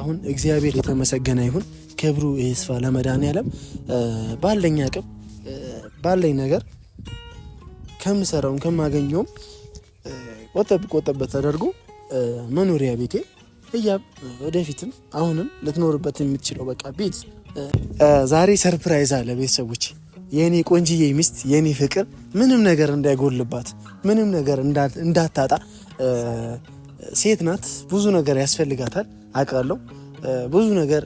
አሁን እግዚአብሔር የተመሰገነ ይሁን፣ ክብሩ ይስፋ ያለም ባለኝ አቅም ባለኝ ነገር ከምሰራውም ከማገኘውም ቆጠብ ቆጠብ ተደርጎ መኖሪያ ቤቴ እያ ወደፊትም አሁንም ልትኖርበት የምትችለው በቃ ቤት። ዛሬ ሰርፕራይዝ አለ ቤተሰቦች፣ የእኔ ቆንጅዬ ሚስት የእኔ ፍቅር ምንም ነገር እንዳይጎልባት ምንም ነገር እንዳታጣ ሴት ናት፣ ብዙ ነገር ያስፈልጋታል። አውቃለሁ። ብዙ ነገር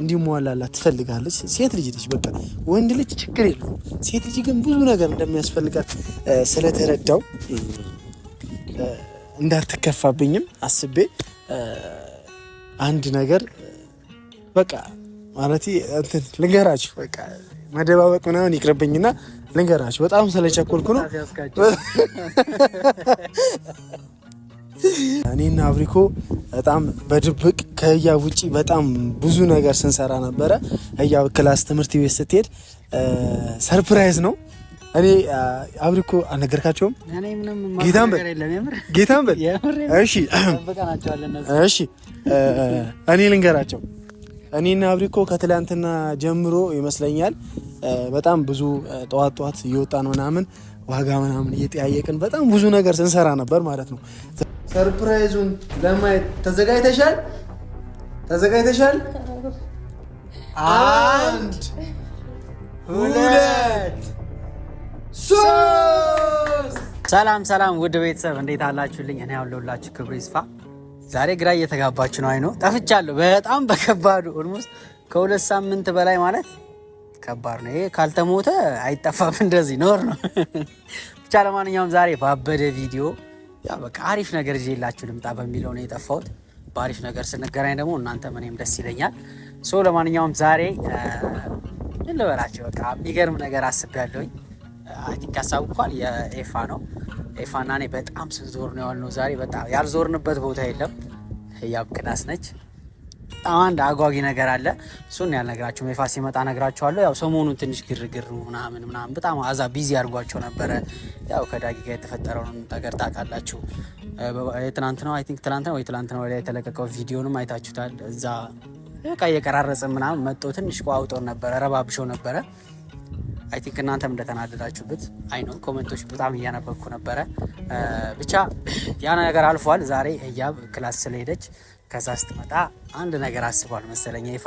እንዲሟላላት ትፈልጋለች። ሴት ልጅ ነች። በቃ ወንድ ልጅ ችግር የለውም። ሴት ልጅ ግን ብዙ ነገር እንደሚያስፈልጋት ስለተረዳው እንዳትከፋብኝም አስቤ አንድ ነገር በቃ ማለት እንትን ልንገራችሁ፣ በቃ መደባበቅ ምናምን ይቅርብኝና ልንገራችሁ። በጣም ስለቸኮልኩ ነው። እኔና አብሪኮ በጣም በድብቅ ከህያብ ውጭ በጣም ብዙ ነገር ስንሰራ ነበረ። ህያብ ክላስ ትምህርት ቤት ስትሄድ ሰርፕራይዝ ነው። እኔ አብሪኮ አልነገርካቸውም? ጌታን በል ጌታን በል። እሺ እሺ፣ እኔ ልንገራቸው። እኔና አብሪኮ ከትላንትና ጀምሮ ይመስለኛል በጣም ብዙ ጠዋት ጠዋት እየወጣን ምናምን ዋጋ ምናምን እየጠያየቅን በጣም ብዙ ነገር ስንሰራ ነበር ማለት ነው። ሰርፕራይዙን ለማየት ተዘጋጅተሻል? ተዘጋጅተሻል? አንድ ሁለት ሶስት። ሰላም ሰላም፣ ውድ ቤተሰብ እንዴት አላችሁልኝ? እኔ ያለሁላችሁ ክብሩ ይስፋ። ዛሬ ግራ እየተጋባችሁ ነው። አይኖ ጠፍቻለሁ፣ በጣም በከባዱ ኦልሞስት ከሁለት ሳምንት በላይ ማለት ከባድ ነው። ይሄ ካልተሞተ አይጠፋም፣ እንደዚህ ኖር ነው ብቻ። ለማንኛውም ዛሬ ባበደ ቪዲዮ ያው በቃ አሪፍ ነገር ይዤ የላችሁ ልምጣ በሚለው ነው የጠፋሁት። በአሪፍ ነገር ስንገናኝ ደግሞ እናንተ እኔም ደስ ይለኛል። ሶ ለማንኛውም ዛሬ ምን ልበላችሁ በቃ የሚገርም ነገር አስቤያለሁኝ። አይቲንክ አሳውቋል። የኤፋ ነው ኤፋና እኔ በጣም ስንዞር ነው ያልነው ዛሬ። በጣም ያልዞርንበት ቦታ የለም። ህያብ ቅዳስ ነች። አንድ አጓጊ ነገር አለ። እሱን ያልነግራችሁ ኤፋስ ሲመጣ ነግራችኋለሁ። ያው ሰሞኑን ትንሽ ግርግር ምናምን ምናምን በጣም አዛ ቢዚ አድርጓቸው ነበረ። ያው ከዳጊ ጋር የተፈጠረውን ነገር ታውቃላችሁ። ትናንት ነው አይ ቲንክ ትናንት ነው ወይ ትናንት ነው ላይ የተለቀቀው ቪዲዮንም አይታችሁታል። እዛ በቃ እየቀራረጽ ምናምን መጥቶ ትንሽ ቋውጦን ነበረ፣ ረባብሾ ነበረ። አይ ቲንክ እናንተም እንደተናደዳችሁበት አይ ነው። ኮመንቶች በጣም እያነበብኩ ነበረ። ብቻ ያ ነገር አልፏል። ዛሬ እያብ ክላስ ስለሄደች ከዛ ስትመጣ አንድ ነገር አስቧል መሰለኝ ይፋ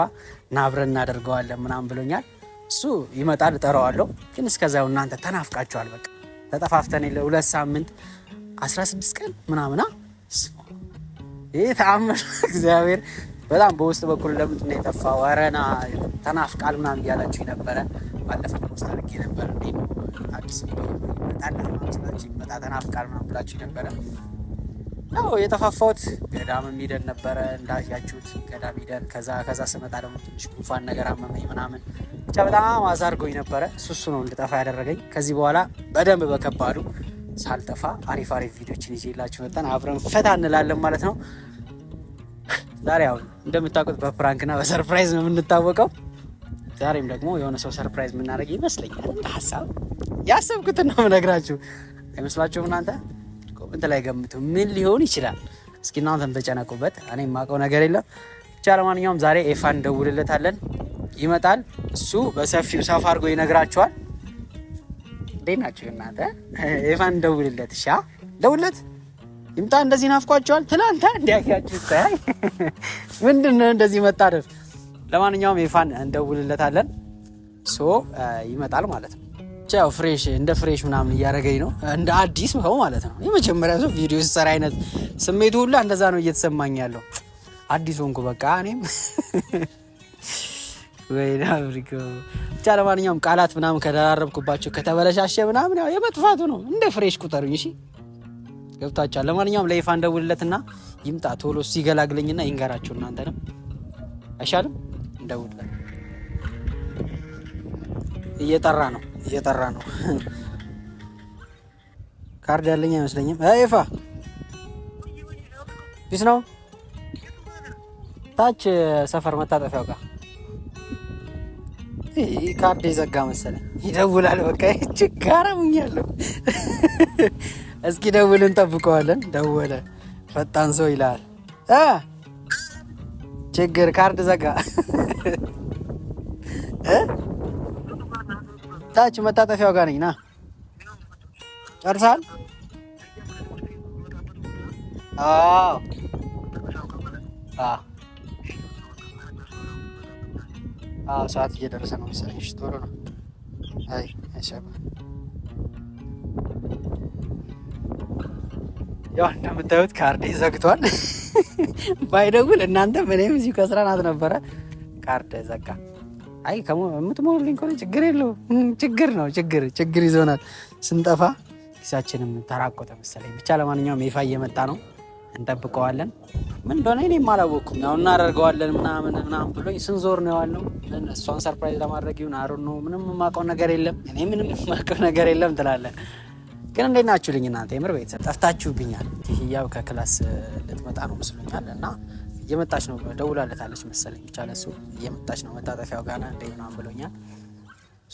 እና አብረን እናደርገዋለን ምናምን ብሎኛል። እሱ ይመጣል እጠራዋለሁ። ግን እስከዚያው እናንተ ተናፍቃችኋል። በቃ ተጠፋፍተን የለ ሁለት ሳምንት 16 ቀን ምናምና ይህ ተአምር እግዚአብሔር በጣም በውስጥ በኩል ለምንድን ነው የጠፋ ወረና ተናፍቃል ምናምን እያላችሁ ነበረ። ባለፈው ፖስት አድርጌ ነበር አዲስ ቪዲዮ ይመጣል ይመጣ ተናፍቃል ምናምን ብላችሁ ነበረ። ነው የተፋፋሁት ገዳም የሚደን ነበረ እንዳያችሁት፣ ገዳም ሂደን ከዛ ከዛ ስመጣ ደግሞ ትንሽ ጉንፋን ነገር አመመኝ ምናምን ብቻ በጣም አዛርጎኝ ነበረ። እሱሱ ነው እንድጠፋ ያደረገኝ። ከዚህ በኋላ በደንብ በከባዱ ሳልጠፋ አሪፍ አሪፍ ቪዲዮችን ይዤላችሁ መጠን አብረን ፈታ እንላለን ማለት ነው። ዛሬ አሁን እንደምታውቁት በፕራንክና በሰርፕራይዝ ነው የምንታወቀው። ዛሬም ደግሞ የሆነ ሰው ሰርፕራይዝ የምናደርግ ይመስለኛል። ሀሳብ ያሰብኩትን ነው የምነግራችሁ አይመስላችሁም እናንተ? እንትን ላይ ገምቱ፣ ምን ሊሆን ይችላል? እስኪ እናንተን ተጨነቁበት። እኔ የማውቀው ነገር የለም። ብቻ ለማንኛውም ዛሬ ኤፋን እንደውልለታለን፣ ይመጣል። እሱ በሰፊው ሰፋ አድርጎ ይነግራቸዋል። እንዴት ናቸው እናንተ? ኤፋን እንደውልለት። እሺ ደውልለት፣ ይምጣ። እንደዚህ ናፍቋቸዋል። ትናንተ እንዲያያችሁ ይታያል። ምንድን ነው እንደዚህ መጣደፍ። ለማንኛውም ኤፋን እንደውልለታለን፣ ሶ ይመጣል ማለት ነው። ያው ፍሬሽ እንደ ፍሬሽ ምናምን እያደረገኝ ነው፣ እንደ አዲስ ሰው ማለት ነው። የመጀመሪያ ሰው ቪዲዮ ሲሰራ አይነት ስሜቱ ሁላ እንደዛ ነው እየተሰማኝ ያለው። አዲስ ሆንኩ በቃ እኔም ብቻ። ለማንኛውም ቃላት ምናምን ከደራረብኩባቸው ከተበለሻሸ ምናምን ያው የመጥፋቱ ነው። እንደ ፍሬሽ ቁጠሩኝ እሺ፣ ገብታችኋል። ለማንኛውም ለይፋ እንደውልለትና ይምጣ ቶሎ ሲገላግለኝና ይንገራችሁ። እናንተንም አይሻልም? እንደውልለት እየጠራ ነው እየጠራ ነው። ካርድ ያለኝ አይመስለኝም። ኤፋ ቢስ ነው ታች ሰፈር መታጠፊያው ጋር ካርድ የዘጋ መሰለኝ። ይደውላል። በቃ ችጋራ ሙኛለሁ። እስኪ ደውል እንጠብቀዋለን። ደወለ። ፈጣን ሰው ይላል። ችግር ካርድ ዘጋ ታች መታጠፊያው ጋር ነኝ ና። ጨርሳል? አዎ አዎ፣ ሰዓት እየደረሰ ነው መሰለኝ። ቶሎ ነው። አይ ያው እንደምታዩት ካርዴ ዘግቷል። ባይደውል እናንተ ምንም እዚሁ ከስራ ናት ነበረ። ካርዴ ዘጋ። አይ የምትሞሉልኝ ከሆነ ችግር የለው። ችግር ነው ችግር ችግር ይዞናል። ስንጠፋ ኪሳችንም ተራቆተ መሰለኝ። ብቻ ለማንኛውም ይፋ እየመጣ ነው፣ እንጠብቀዋለን። ምን እንደሆነ እኔም አላወቅኩም። ያው እናደርገዋለን ምናምን ምናምን ብሎኝ ስንዞር ነው የዋልነው። እሷን ሰርፕራይዝ ለማድረግ ይሁን አሩ ነው። ምንም የማውቀው ነገር የለም እኔ ምንም የማውቀው ነገር የለም ትላለን። ግን እንዴት ናችሁ ልኝ እናንተ? የምር ቤተሰብ ጠፍታችሁብኛል። ይህያው ከክላስ ልትመጣ ነው መስሎኛል እና እየመጣች ነው ደውላለታለች መሰለኝ። ብቻ ለሱ እየመጣች ነው መታጠፊያው ጋና እንደሆነ ብሎኛል።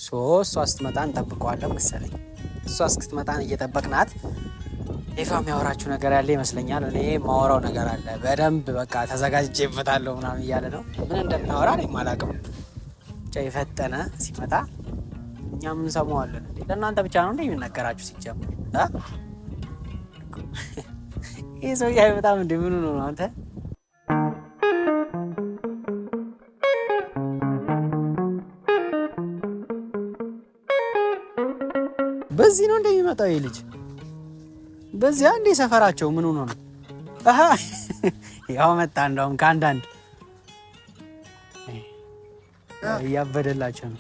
ሶ እሷ ስትመጣ እንጠብቀዋለን መሰለኝ። እሷ እስክትመጣን እየጠበቅናት ኤፋ የሚያወራችሁ ነገር ያለ ይመስለኛል። እኔ ማወራው ነገር አለ በደንብ በቃ ተዘጋጅቼበታለሁ ምናምን እያለ ነው። ምን እንደሚያወራ እኔም አላውቅም። ብቻ የፈጠነ ሲመጣ እኛም እንሰማዋለን። እንዴ ለእናንተ ብቻ ነው እንደ የሚነገራችሁ ሲጀምር ይህ ሰው በጣም እንደምኑ ነው አንተ በዚህ ነው እንደሚመጣው ይህ ልጅ በዚህ አንዴ ሰፈራቸው ምን ሆኖ ነው? ያው መጣ። እንደውም ከአንዳንድ እያበደላቸው ነው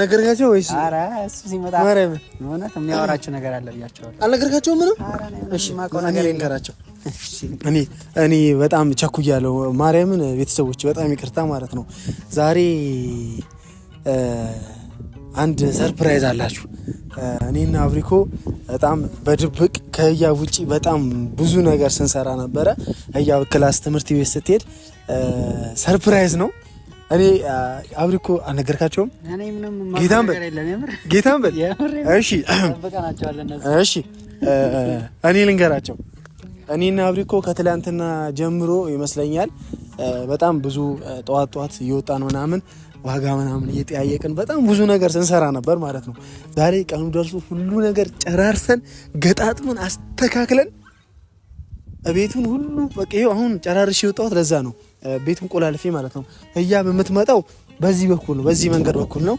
ነገርካቸው ወይስ? ኧረ እሱ ሲመጣ ማረብ እውነት የሚያወራቸው ነገር አለ ብያቸዋለሁ። አልነገርካቸውም? ምንም ይንገራቸው። እኔ እኔ በጣም ቸኩያለሁ። ማርያምን ቤተሰቦች በጣም ይቅርታ ማለት ነው ዛሬ አንድ ሰርፕራይዝ አላችሁ። እኔና አብሪኮ በጣም በድብቅ ከህያብ ውጪ በጣም ብዙ ነገር ስንሰራ ነበረ። ህያብ ክላስ ትምህርት ቤት ስትሄድ ሰርፕራይዝ ነው። እኔ አብሪኮ አልነገርካቸውም? ጌታን በል ጌታን በል። እሺ እሺ፣ እኔ ልንገራቸው። እኔና አብሪኮ ከትላንትና ጀምሮ ይመስለኛል በጣም ብዙ ጠዋት ጠዋት እየወጣን ምናምን ዋጋ ምናምን እየጠያየቅን በጣም ብዙ ነገር ስንሰራ ነበር ማለት ነው። ዛሬ ቀኑ ደርሶ ሁሉ ነገር ጨራርሰን ገጣጥመን አስተካክለን ቤቱን ሁሉ በቃ አሁን ጨራርሽ የወጣሁት ለዛ ነው። ቤቱን ቆላልፌ ማለት ነው። እያ በምትመጣው በዚህ በኩል ነው፣ በዚህ መንገድ በኩል ነው።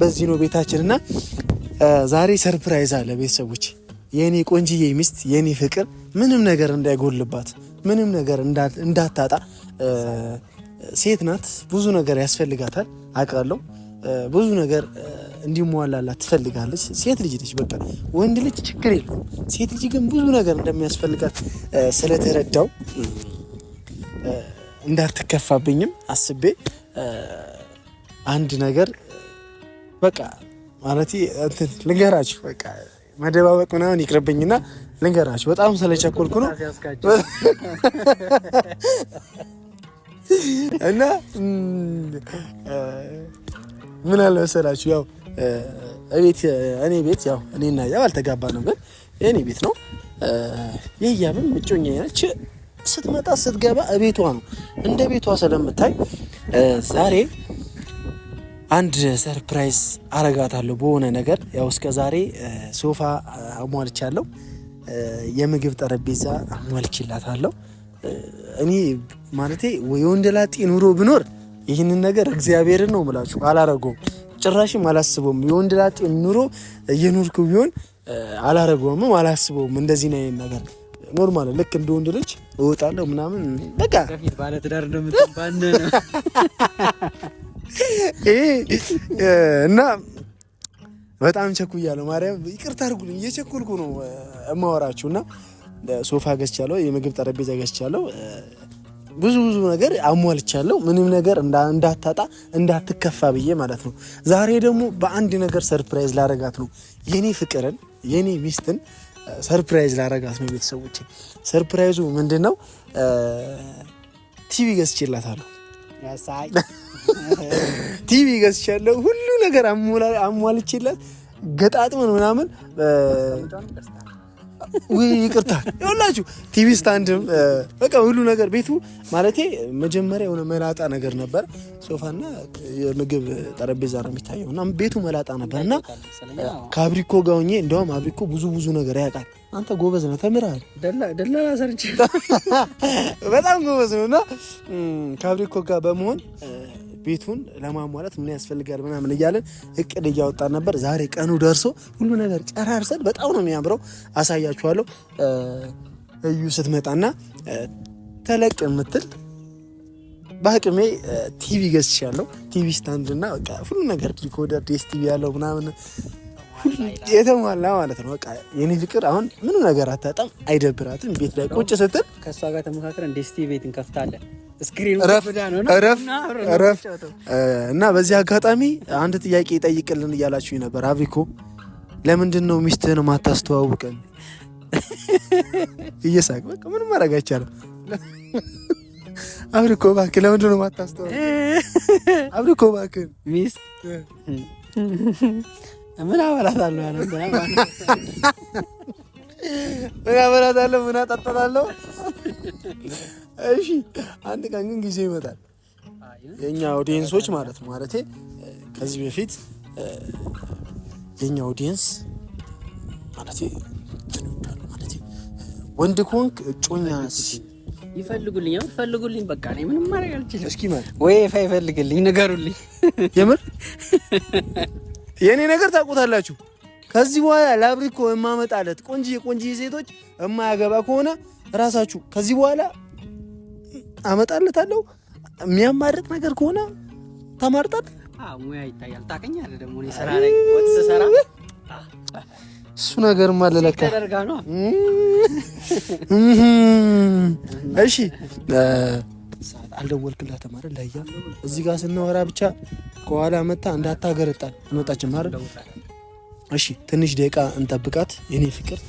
በዚህ ነው ቤታችን እና ዛሬ ሰርፕራይዝ አለ ቤተሰቦች። የኔ ቆንጅዬ ሚስት የእኔ ፍቅር ምንም ነገር እንዳይጎልባት፣ ምንም ነገር እንዳታጣ ሴት ናት፣ ብዙ ነገር ያስፈልጋታል አውቃለሁ። ብዙ ነገር እንዲሟላላት ትፈልጋለች። ሴት ልጅ ነች። በቃ ወንድ ልጅ ችግር የለም። ሴት ልጅ ግን ብዙ ነገር እንደሚያስፈልጋት ስለተረዳው እንዳትከፋብኝም አስቤ አንድ ነገር በቃ ማለት ልንገራችሁ፣ በቃ መደባበቅ ምናምን ይቅርብኝና ልንገራችሁ። በጣም ስለቸኮልኩ ነው። እና ምን አለ መሰላችሁ ያው እቤት እኔ ቤት ያው እኔ እና ያው አልተጋባንም፣ ግን የእኔ ቤት ነው። የህያብም እጮኛ ነች። ስትመጣ ስትገባ እቤቷ ነው እንደ ቤቷ ስለምታይ ዛሬ አንድ ሰርፕራይዝ አረጋታለሁ በሆነ ነገር። ያው እስከ ዛሬ ሶፋ አሟልቻለሁ፣ የምግብ ጠረጴዛ አሟልችላታለሁ። እኔ ማለቴ የወንደላጤ ኑሮ ብኖር ይህንን ነገር እግዚአብሔርን ነው ምላችሁ አላረገውም፣ ጭራሽም አላስበውም። የወንደላጤ ኑሮ እየኖርኩ ቢሆን አላረገውምም፣ አላስበውም። እንደዚህ ነው ነገር ኖርማል ልክ እንደ ወንድ ልጅ እወጣለሁ ምናምን በቃ ባለትዳር እና በጣም ቸኩያለሁ። ማርያም ይቅርታ አድርጉልኝ፣ እየቸኮልኩ ነው እማወራችሁ እና ሶፋ ገዝቻለሁ፣ የምግብ ጠረጴዛ ገዝቻለሁ። ብዙ ብዙ ነገር አሟልቻለሁ። ምንም ነገር እንዳታጣ እንዳትከፋ ብዬ ማለት ነው። ዛሬ ደግሞ በአንድ ነገር ሰርፕራይዝ ላረጋት ነው። የኔ ፍቅርን የኔ ሚስትን ሰርፕራይዝ ላረጋት ነው። ቤተሰቦች ሰርፕራይዙ ምንድን ነው? ቲቪ ገዝቼላታለሁ። ቲቪ ገዝቻለሁ። ሁሉ ነገር አሟልቼላት ገጣጥመን ምናምን ውይ ይቅርታ ይኸውላችሁ፣ ቲቪ ስታንድም በቃ ሁሉ ነገር ቤቱ ማለቴ መጀመሪያ የሆነ መላጣ ነገር ነበር። ሶፋና የምግብ ጠረጴዛ ነው የሚታየው እና ቤቱ መላጣ ነበር እና ከአብሪኮ ጋር ሆኜ እንደውም አብሪኮ ብዙ ብዙ ነገር ያውቃል። አንተ ጎበዝ ነው ተምረሃል፣ ደላላ ሰርች በጣም ጎበዝ ነው እና ከአብሪኮ ጋር በመሆን ቤቱን ለማሟላት ምን ያስፈልጋል ምናምን እያለን እቅድ እያወጣን ነበር። ዛሬ ቀኑ ደርሶ ሁሉ ነገር ጨራርሰን በጣም ነው የሚያምረው። አሳያችኋለሁ። እዩ ስትመጣና ተለቅ የምትል በአቅሜ ቲቪ ገዝቻለሁ። ቲቪ ስታንድና ሁሉ ነገር ዲኮደር፣ ዴስ ቲቪ ያለው ምናምን የተሟላ ማለት ነው። በቃ የኔ ፍቅር አሁን ምንም ነገር አታጣም፣ አይደብራትም። ቤት ላይ ቁጭ ስትል ከእሷ ጋር ተመካከር እንደ ስቲ ቤት እንከፍታለን እና በዚህ አጋጣሚ አንድ ጥያቄ ይጠይቅልን እያላችሁ ነበር። አብሪኮ ለምንድን ነው ሚስትህን ማታስተዋውቀን? እየሳቅ በቃ ምንም ማድረግ አይቻልም። አብሪኮ እባክህ ለምንድን ነው ማታስተዋውቀን? አብሪኮ እባክህ ሚስት ምን አበላታለሁ ያለ ምን አበላታለሁ፣ ምን አጠጣታለሁ። እሺ አንድ ቀን ግን ጊዜ ይመጣል። የኛ ኦዲየንሶች ማለት ነው ከዚህ በፊት የኛ ኦዲየንስ ማለቴ ወንድ ኮንክ ይፈልጉልኝ በቃ እኔ ምንም ማድረግ አልችልም። እስኪ ማለት ወይ ይፈልግልኝ፣ ንገሩልኝ የምር የእኔ ነገር ታውቁታላችሁ። ከዚህ በኋላ ላብሪኮ የማመጣለት ቆንጂ ቆንጂ ሴቶች የማያገባ ከሆነ ራሳችሁ ከዚህ በኋላ አመጣለታለሁ። የሚያማርጥ ነገር ከሆነ ተማርጣት ሙያ ይታያል። ታውቀኛለህ ደግሞ ስራ ላይ ስሰራ እሱ ነገር ማለለካ እሺ ሰዓት አልደወልክላትም ተማረ ለያ እዚህ ጋር ስናወራ ብቻ ከኋላ መታ እንዳታገረጣል እንወጣችን ማለት እሺ፣ ትንሽ ደቂቃ እንጠብቃት የኔ ፍቅር።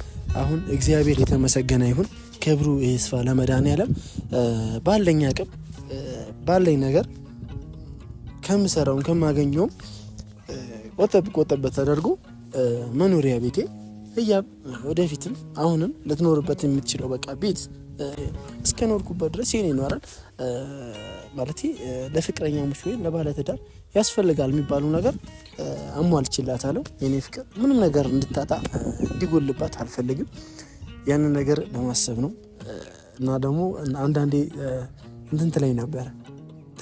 አሁን እግዚአብሔር የተመሰገነ ይሁን፣ ክብሩ ይስፋ ለመድኃኒዓለም። ባለኝ አቅም ባለኝ ነገር ከምሰራውም ከማገኘውም ቆጠብ ተደርጎ መኖሪያ ቤቴ ህያብ ወደፊትም አሁንም ልትኖርበት የምትችለው በቃ ቤት እስከ ኖርኩበት ድረስ ይህን ይኖራል ማለት ለፍቅረኛሞች ወይም ለባለትዳር ያስፈልጋል የሚባለው ነገር አሟልችላታለሁ። የኔ ፍቅር ምንም ነገር እንድታጣ እንዲጎልባት አልፈልግም። ያንን ነገር በማሰብ ነው እና ደግሞ አንዳንዴ እንትንት ላይ ነበረ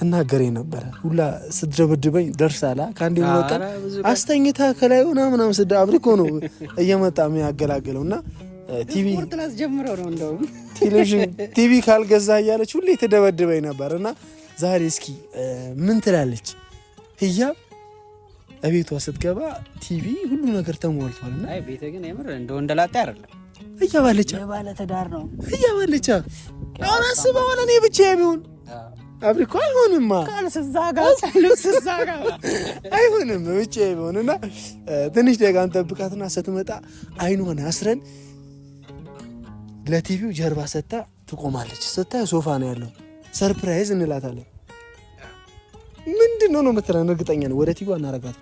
ትናገረኝ ነበረ ሁላ ስትደበድበኝ ደርሳላ ከአንድ መጣ አስተኝታ ከላይ ሆና ምናምን ስዳ አብሪኮ ነው እየመጣ የሚያገላግለው እና ቲቪ ካልገዛ እያለች ሁሌ ትደበድበኝ ነበር እና ዛሬ እስኪ ምን ትላለች ህያብ እቤቷ ስትገባ ቲቪ ሁሉ ነገር ተሞልቷል እና ቤተ ግን የምር እንደ ወንደላጤ አይደለም እያባለቻ እያባለቻ አሁን አስበ ሆነ እኔ ብቻ የሚሆን አብሪኮ አይሆንም፣ አይሆንም ውጭ ሆንና ትንሽ ደቂቃ እንጠብቃትና ስትመጣ አይኗን አስረን ለቲቪው ጀርባ ሰታ ትቆማለች። ስታይ ሶፋ ነው ያለው። ሰርፕራይዝ እንላታለን። ምንድን ነው ነው የምትለን? እርግጠኛ ነው ወደ ቲቪ አናረጋት።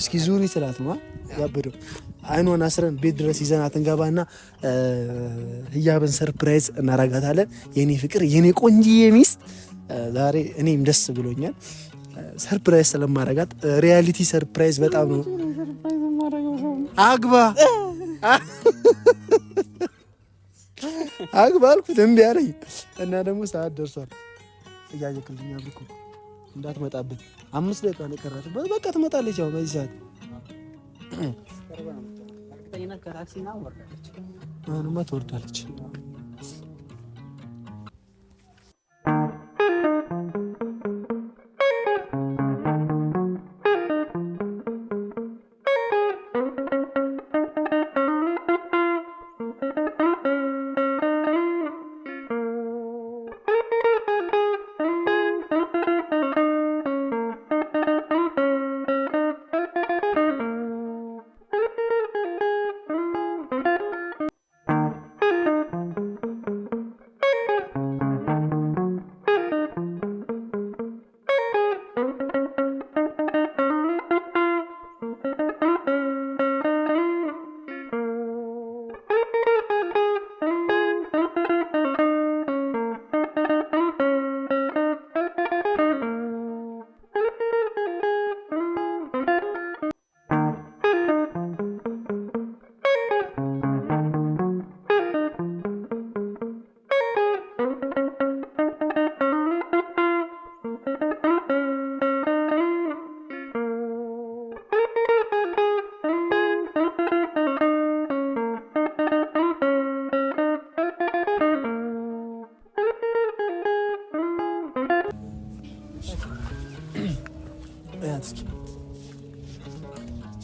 እስኪ ዙሪ ስላት ነው ያበደው። አይኗን አስረን ቤት ድረስ ይዘናት እንገባና ህያብን ሰርፕራይዝ እናረጋታለን። የኔ ፍቅር፣ የኔ ቆንጂ፣ ሚስት ዛሬ እኔም ደስ ብሎኛል። ሰርፕራይዝ ስለማረጋት ሪያሊቲ ሰርፕራይዝ በጣም ነው። አግባ አግባ አልኩት እምቢ አለኝ እና ደግሞ ሰዓት ደርሷል። እያየክልኛ ብኩ እንዳትመጣብን አምስት ደቂቃ ነው የቀራት። በቃ ትመጣለች። ያው በዚህ ሰዓት ምንማ ትወርዳለች።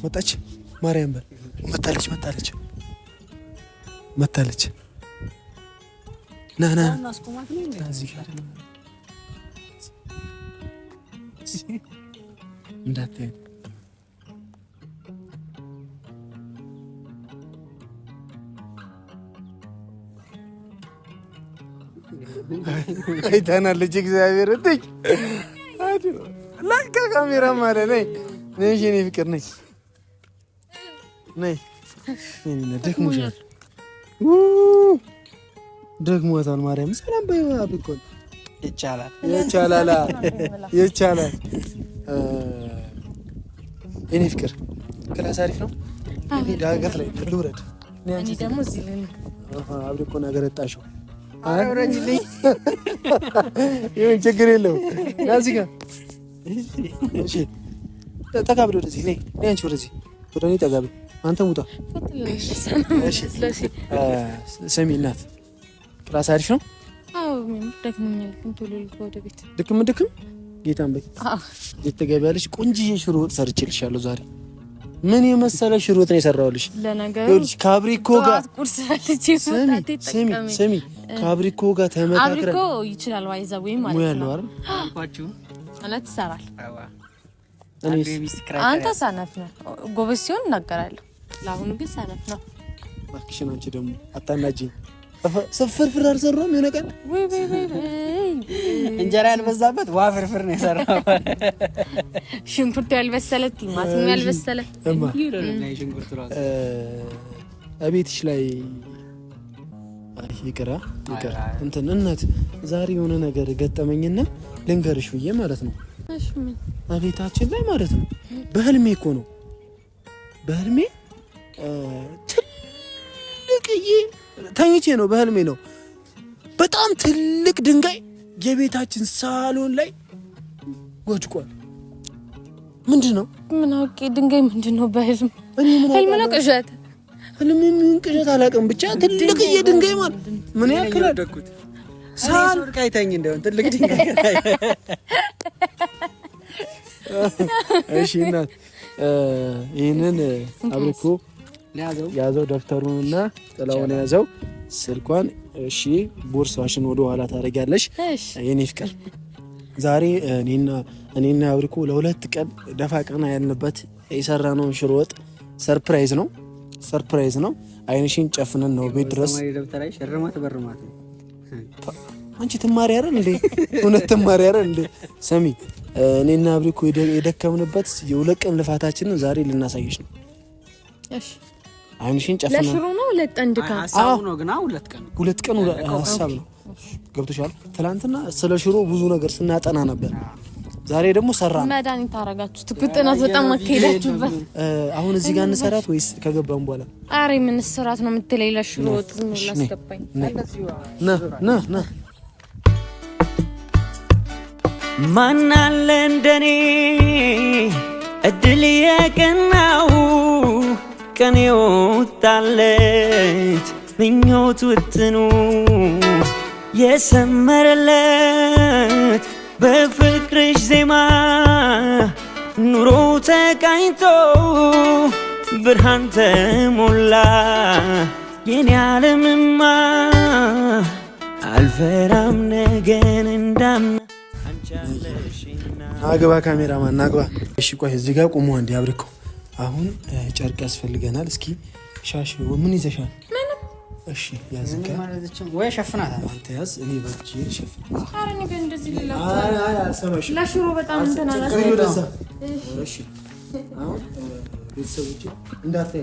መጣች። ማርያም በል መጣለች፣ መጣለች፣ መጣለች። ና ና እንዳታይ አይተናል። ልጅ እግዚአብሔር እትይ ለካ ካሜራ ማለት ነኝ። እሺ፣ እኔ ፍቅር ነኝ። ነይ ደክሞሻል፣ ማርያም ሰላም በይኮን ይቻላል፣ ይቻላል፣ እኔ ፍቅር ክላስ አሪፍ ነው። እኔ ዳገት ላይ ልውረድ። እኔ ደግሞ ነገር ይሁን ችግር የለውም። ጋር ወደዚህ ወደዚህ ወደ እኔ አንተ ሙጣ ስሚ እናት፣ ክላስ አሪፍ ነው። ድክም ድክም ጌታን በ ትገቢያለሽ። ቆንጅዬ ሽሮ ወጥ ሰርቼልሻለሁ ዛሬ። ምን የመሰለ ሽሮ ወጥ ነው የሰራሁልሽ። ካብሪኮ ጋር ስሚ፣ ካብሪኮ ጋር ተመካክረን ይችላል ዋይዛ ወይ ማለት ነው አንተ ሳናት ነህ። ጎበዝ ሲሆን እናገራለሁ ለአሁኑ ግን ሰነፍ ነው። እባክሽን አንቺ ደግሞ አታናጂኝ። ስፍር ፍር አልሰራሁም። የሆነ ቀን እንጀራ ያልበዛበት ዋ ፍርፍር ነው የሰራው። ሽንኩርቱ ያልበሰለ ቲማቲም ያልበሰለ እቤትሽ ላይ ይቅራ ይቅር እንትን እናት ዛሬ የሆነ ነገር ገጠመኝና ልንገርሽ ብዬ ማለት ነው እቤታችን ላይ ማለት ነው በህልሜ እኮ ነው በህልሜ ትልቅዬ ተኝቼ ነው በህልሜ ነው። በጣም ትልቅ ድንጋይ የቤታችን ሳሎን ላይ ወድቋል። ምንድን ነው ምን አውቄ ድንጋይ ምንድን ነው በህልም ህልም ነው ቅዠት ህልም ምን ቅዠት አላውቅም። ብቻ ትልቅዬ ድንጋይ ማለት ምን ያክል አደኩት ሳል ቃይታኝ እንደሆን ትልቅ ድንጋይ እሺ እናት ይህንን አብሬኮ ያዘው እና ጥላውን ያዘው ስልኳን። እሺ ቦርሳሽን ወደ ኋላ ታደርጊያለሽ። የኔ ፍቅር ዛሬ እኔና እኔና አብሪኮ ለሁለት ቀን ደፋ ቀና ያልንበት የሰራነውን ሽሮ ወጥ ሰርፕራይዝ ነው፣ ሰርፕራይዝ ነው። አይንሽን ጨፍነን ነው ቤት ድረስ አንቺ ትማሪ አይደል እንዴ? እውነት ትማሪ አይደል እንዴ? ሰሚ እኔና አብሪኮ የደከምንበት የሁለት ቀን ልፋታችንን ዛሬ ልናሳየሽ ነው። አይንሽን ጨፍነው ለሽሮ ነው ለጠንድ ጋር ሀሳቡ ነው ግን ሁለት ቀን ሁለት ቀን ሀሳብ ነው ገብቶሻል። ትላንትና ስለ ሽሮ ብዙ ነገር ስናጠና ነበር። ዛሬ ደግሞ ሰራ መድኃኒት አረጋችሁት። ግጥናት በጣም አካሄዳችሁበት። አሁን እዚህ ጋር እንሰራት ወይስ ከገባን በኋላ? አሬ ምን ስራት ነው የምትለኝ? ለሽሮ ወጥ ላስገባኝ ነ ማናለ እንደኔ እድል የቀናው ቀን የወጣለት ምኞት ውጥኑ የሰመረለት በፍቅርሽ ዜማ ኑሮ ተቃኝቶ ብርሃን ተሞላ የኔ ዓለምማ አልፈራም ነገን እንዳም አንቻለሽና። አግባ ካሜራማን አግባ። እሺ ቆይ እዚህ ጋር ቁሙ አንዴ አብሪኮ አሁን ጨርቅ ያስፈልገናል። እስኪ ሻሽ ምን ይዘሻል? እሺ ያዝጋ ወይ ሸፍናት። አንተ ያዝ፣ እኔ በእጅ ቤተሰቦች እንዳታይ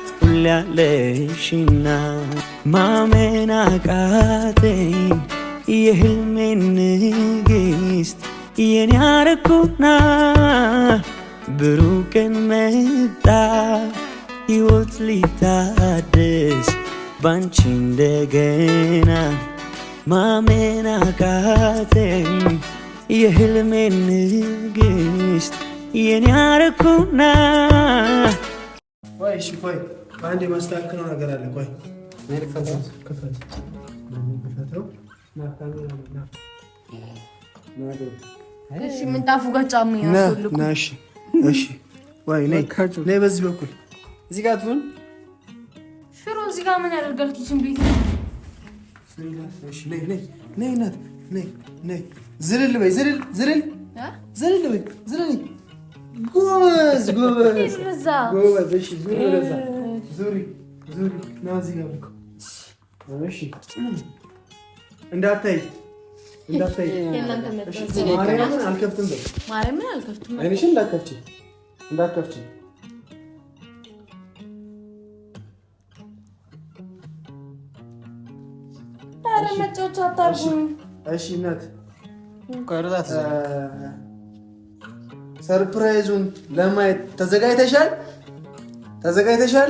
ያለሽና ማመን አቃተኝ የህልሜ ንግስት የኔ አረኩና ብሩህ መጣ ሕይወት ሊታደስ ባንቺ እንደገና ማመን አቃተኝ የህልሜ ንግስት የኔ አረኩና አንድ የማስተካከለው ነገር አለ። ቆይ ምንጣፉ ጋር በዚህ በኩል እዚህ ጋር ትሁን። ሽሮ እዚህ ጋር ምን ያደርጋል? ኪችን ቤት ዝልል በይ፣ ዝልል ዝልል ዝልል በይ፣ ዝልል ጎበዝ ጎበዝ ጎበዝ ዙሪ ዙሪ ናዚ እዚህ ጋር እሺ፣ እንዳታይ እንዳታይ ማርያምን አልከፍትም በይ፣ ማርያምን አልከፍትም አይንሽን እንዳትከፍቺ እንዳትከፍቺ። ኧረ መጫወቻ አታርጉኝ። እሺ እናት ሰርፕራይዙን ለማየት ተዘጋጅተሻል? ተዘጋጅተሻል?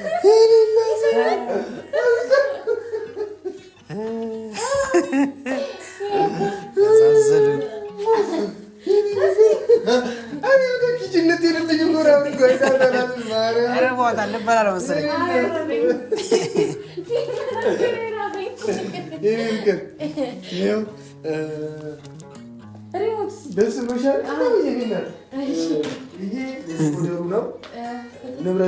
Yeah.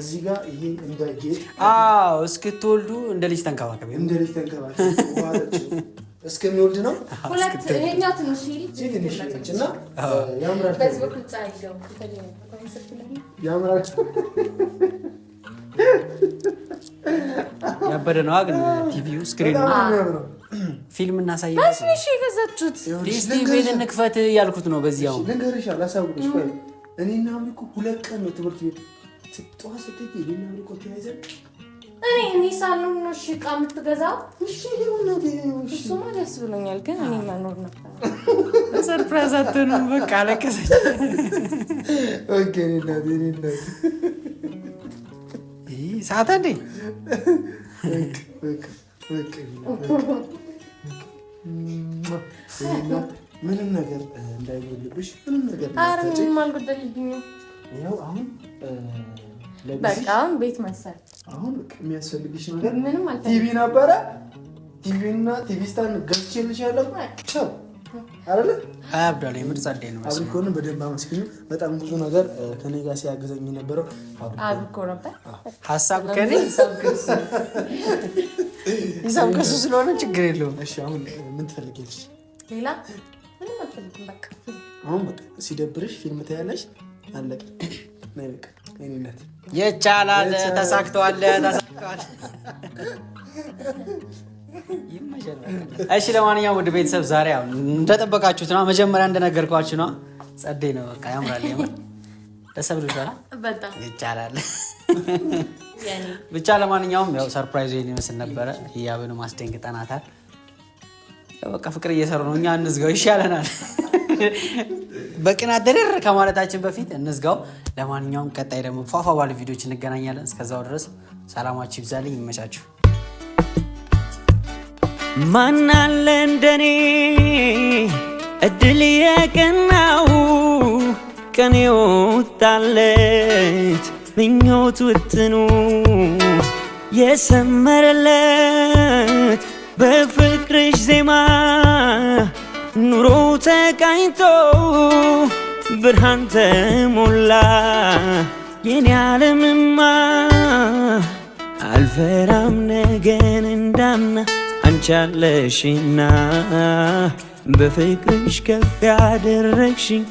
እዚህ ጋር ይሄ እንደ ጌጥ አዎ፣ እስክትወልዱ እንደ ልጅ ተንከባከቢ፣ እንደ ልጅ ተንከባከቢ እስከሚወልድ ነው። ያምራል፣ ያበደ ነው ግን ቲቪው ስክሪን ፊልም እናሳይ። ትንሽ የገዛችሁት ቤት እንክፈት ያልኩት ነው። በዚያው ልንገርሻ ላሳውቅሽ። እኔና ሁለት ቀን ነው ትምህርት ቤት ጠዋት ስትሄጂ እኔና ብሪቆ ተያይዘን እኔ እኔ ሳልሆን ነው እሺ ዕቃ የምትገዛው? እሺ እሱማ ደስ ብሎኛል፣ ግን እኔ መኖር ነበር። ሰርፕራይዝ አትሆንም። በቃ አለቀሰች። ኦኬ እናቴ ሰዓት እንዴ ምንም ነገር እንዳይጎልብሽ ምንም ነገር አልጎደልብኝም። ይኸው አሁን በቃ ቤት መሰል አሁን የሚያስፈልግሽ ነገር ምንም አልፈልግም። ቲቪ ነበረ ቲቪና ቲቪ ስታን ገዝቼልሻለሁ። ቻው አይደለ አብዳላ የምር ጸደይ ነው አብሪኮንም በደንብ አመስግኙ። በጣም ብዙ ነገር ከኔ ጋር ሲያግዘኝ የነበረው አብሪኮ ነበር። ሀሳብ ከኔ ሂሳብ ከሱ ስለሆነ ችግር የለውም። እሺ አሁን ምን ትፈልጊያለሽ? ሌላ ምንም አልፈልግም። በቃ አሁን በቃ ሲደብርሽ ፊልም ታያለሽ ይቻላል። ተሳክተዋል። ተሳክተዋል። እሺ ለማንኛውም ውድ ቤተሰብ ዛሬ እንደጠበቃችሁት ነዋ። መጀመሪያ እንደነገርኳችሁ ነዋ። ጸዴ ነው። በቃ ያምራል። የምር ደስ ብሎሻል። ይቻላል። ብቻ ለማንኛውም ያው ሰርፕራይዙ ይሄን ይመስል ነበረ። ህያብን ማስደንግጠናታል። በቃ ፍቅር እየሰሩ ነው። እኛ እንዝጋው ይሻለናል። በቅናት ደረር ከማለታችን በፊት እንዝጋው። ለማንኛውም ቀጣይ ደግሞ ፏፏ ባሉ ቪዲዮች እንገናኛለን። እስከዛው ድረስ ሰላማችሁ ይብዛልኝ። ይመቻችሁ። ማናለ እንደኔ እድል የቀናው ቀኔ ምኞት ውጥኑ የሰመረለት በፍቅርሽ ዜማ ኑሮ ተቃኝቶ ብርሃን ተሞላ የኔ ዓለምማ አልፈራም ነገን እንዳምና አንቻለሽና በፍቅርሽ ከፍ ያደረግሽኝ